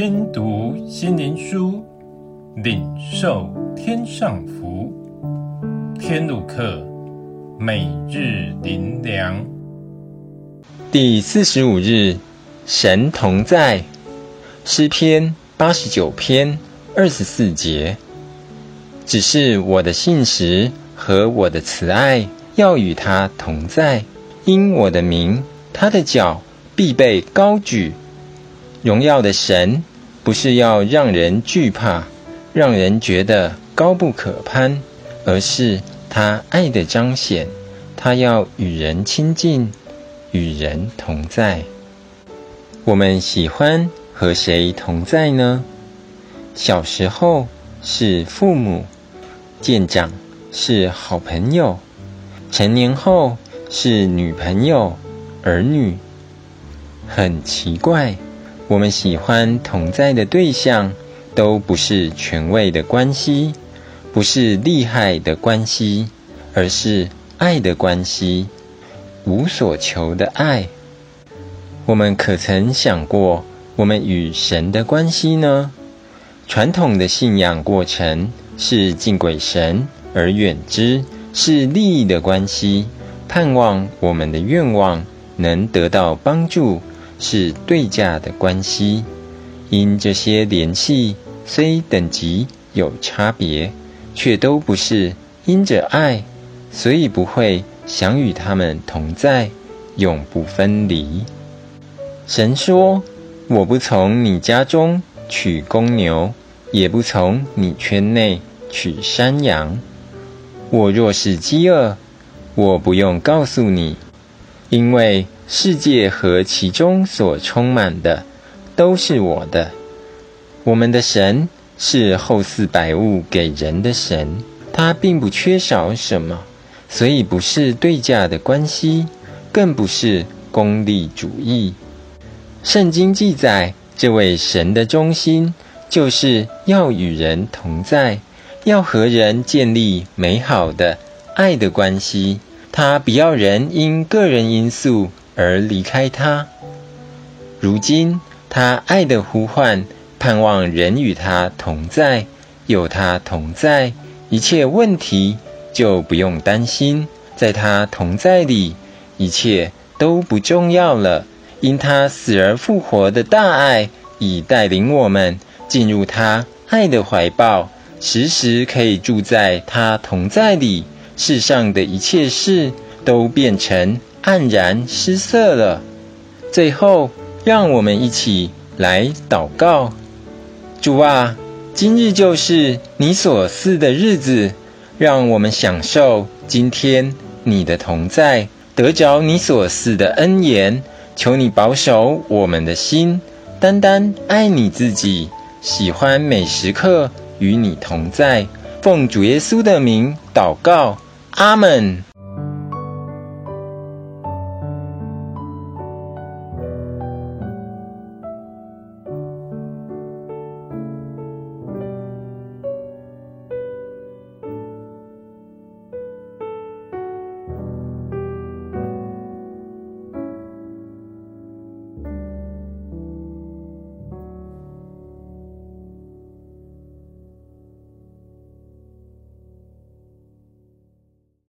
聽讀心靈書，領受天上福。天路客，每日靈糧第四十五日，神同在詩篇八十九篇二十四節，只是我的信實和我的慈愛要與他同在，因我的名，他的角必被高舉。榮耀的神不是要讓人懼怕，讓人覺得高不可攀，而是他愛的彰顯，他要與人親近，與人同在。我們喜歡和誰同在呢？小時候是父母，漸長是好朋友，成年後是女朋友、兒女。很奇怪！我們喜歡同在的對象，都不是權位的關係，不是利害的關係，而是愛的關係，無所求的愛。我們可曾想過，我們與神的關係呢？傳統的信仰過程是敬鬼神而遠之，是利益的關係，盼望我們的願望能得到幫助。是對價的關係，因這些聯繫雖等級有差別，卻都不是因着愛，所以不會想與他們同在，永不分離。神說：“我不從你家中取公牛，也不從你圈內取山羊。我若是飢餓，我不用告訴你，因為……”世界和其中所充滿的，都是我的。我們的神是厚賜百物給人的神，祂並不缺少什麼，所以不是對價的關係，更不是功利主義。聖經記載，這位神的中心就是要與人同在，要和人建立美好的愛的關係。他不要人因個人因素，而離開他。如今他愛的呼喚，盼望人與他同在，有他同在，一切問題就不用擔心，在他同在裡，一切都不重要了，因他死而復活的大愛已帶領我們進入他愛的懷抱，時時可以住在他同在裡，世上的一切事都變成。黯然失色了。最後，讓我們一起來禱告：主啊，今日就是你所賜的日子，讓我們享受今天你的同在，得着你所賜的恩言。求你保守我們的心，單單愛你自己，喜歡每時刻與你同在。奉主耶穌的名禱告，阿門。